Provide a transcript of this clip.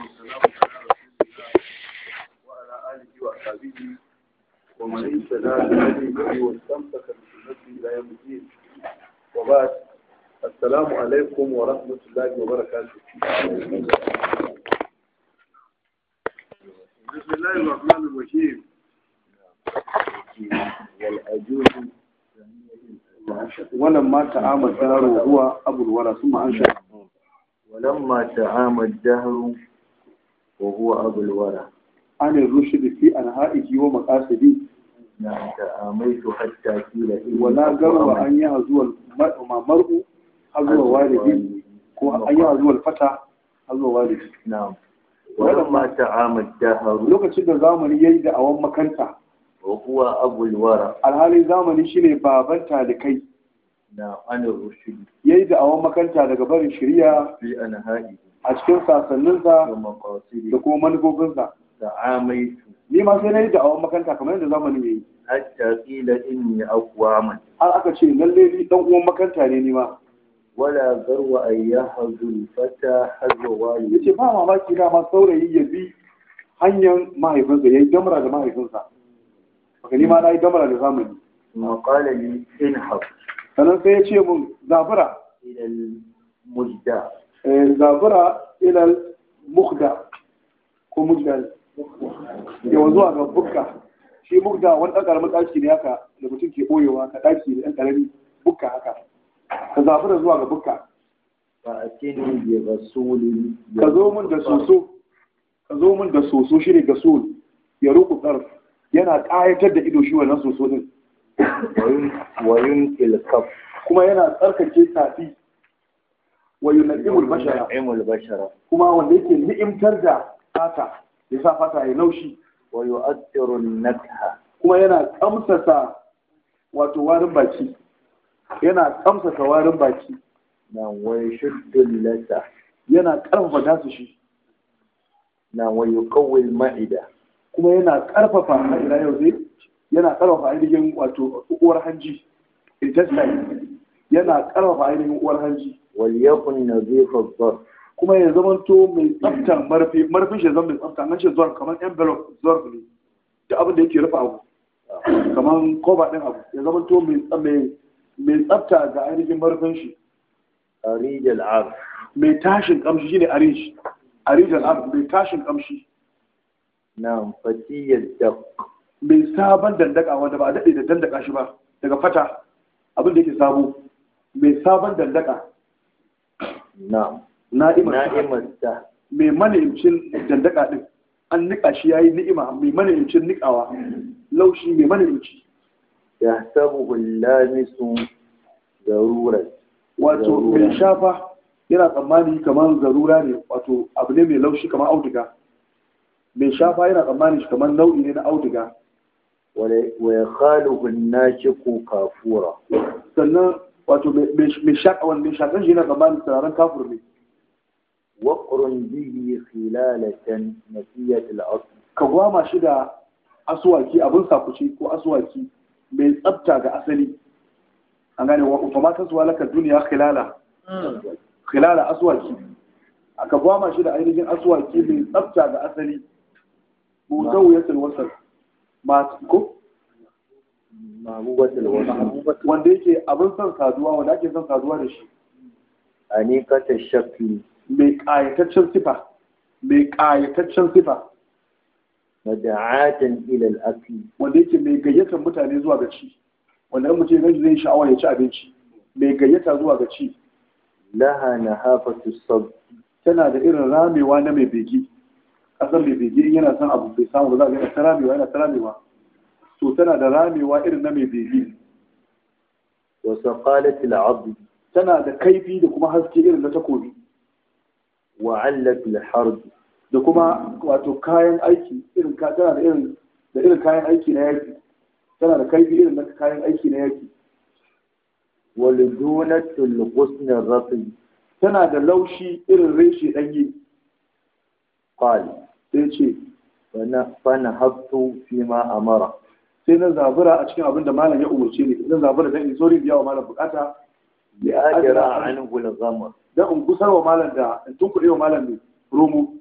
والسلام على رسول الله وعلى آله وأصحابه ومن اهتدى بهديه واستمسك بسنته إلى يوم الدين وبعد السلام عليكم ورحمة الله وبركاته بسم الله الرحمن الرحيم والأجوز ولما تعامل الدهر هو أبو الورى ثم أنشأ ولما تعامل الدهر wa huwa abul wara ana rushd fi anha'ihi wa maqasidi na ta'amaitu hatta kila wa an yahzu al mar'u ko an fata ولما تعام الدهر لوكacin da zamani yayi da awan makanta wa huwa abul wara alhali zamani shine baban talikai na anar rushidi ya yi da'awar makanta daga barin shirya fi ana a cikin sasanninsa da kuma manufofinsa da amaitu ni ma sai na yi da'awar makanta kamar yadda zamani ya yi hatta qila akuwa aqwaman har aka ce lalle ni dan uwan makanta ne ni ma wala garwa ay yahzul fata hazwa wali yace ba mamaki da ma saurayi ya bi hanyar mahaifinsa yayi damra da mahaifinsa baka ni ma na yi damra da zamani ma qala li inhab sannan sai ya ce mu zabura ilal mujda eh, zabura ilal mukda ko mujda yawa zuwa ga bukka shi mukda wani ɗan ƙaramin ɗaki ne haka da mutum ke ɓoyewa ka ɗaki da ɗan ƙarami bukka haka ka zabura zuwa ga bukka ka zo mun da soso ka zo mun da soso shi ne ga ya ruku tsarf yana ƙayatar da ido shi wannan soso din wayun ilkaf kuma yana tsarkake tafi wayun na'imul bashara na'imul bashara kuma wanda yake ni'imtar da fata ya sa fata ya laushi Wayu yu'attiru nakha kuma yana kamsasa wato warin baki yana kamsasa warin baki na wayu shuddul lasa yana karfafa dasu shi na wayu yuqawwil ma'ida kuma yana karfafa ma'ida yau zai yana ƙarfafa ainihin wato uwar hanji intestine yana ƙarfafa ainihin uwar hanji wal yakun nadhifa dhar kuma ya zamanto mai tsafta marfi marfin shi zama mai tsafta nan shi zuwa kamar envelope zuwa ne da abin da yake rufe abu kamar koba din abu ya zamanto mai mai tsafta ga ainihin marfin shi arijal ar mai tashin kamshi shine arij arijal ar mai tashin kamshi na fatiyal daq sabon dandaka wanda ba a daɗe da dandaka shi ba daga fata abin da yake sabo mai sabon dandaka na na'imar ta mai mana'imcin dandaka ɗin, an niƙa shi ya yi ni'ima mai mana'imcin niƙawa. laushi mai mana'imci ya sabu sun zarurar wato mai shafa yana tsammani kamar zarura ne wato abu ne mai laushi kamar auduga mai shafa yana tsammani shi kamar nau'i ne na auduga wa ya khaluhu ko kafura sannan wato mai shaka mai shakan shi yana tsammanin turaren kafur ne waqrun bihi khilalatan nasiyat al-asl ka gwama shi da asuwaki abin sakuci ko asuwaki mai tsafta ga asali an gane wa kuma ta zuwa laka duniya khilala khilala aswaki aka gwama shi da ainihin aswaki mai tsafta ga asali mutau ya tilwasar masu ko wanda yake abin son saduwa wanda ake son saduwa da shi anikata shakli mai ƙayataccen sifa mai ƙayataccen sifa mada'atan ila al-akli wanda yake mai gayyatar mutane zuwa ga ci wanda in mutum zai zai sha'awa ya ci abinci mai gayyata zuwa ga ci laha nahafatu sab tana da irin ramewa na mai begi Kasar mai bege yana son abu bai samu ba za a yana ta ramewa yana ta ramewa to tana da ramewa irin na mai bege wa saqalati al'abd tana da kaifi da kuma haske irin na takobi wa 'allat al-harb da kuma wato kayan aiki irin ka tana da irin da irin kayan aiki na yaki tana da kaifi irin na kayan aiki na yaki wal dunatul ghusn ar tana da laushi irin reshe danye qali sai ce fana haftu fi ma amara sai na zabura a cikin abin da malam ya umarce ni na zabura dan in zo ribiya wa malam bukata Ya kira an gula zamar dan in gusar wa malam da in tunkuɗe wa malam ne romo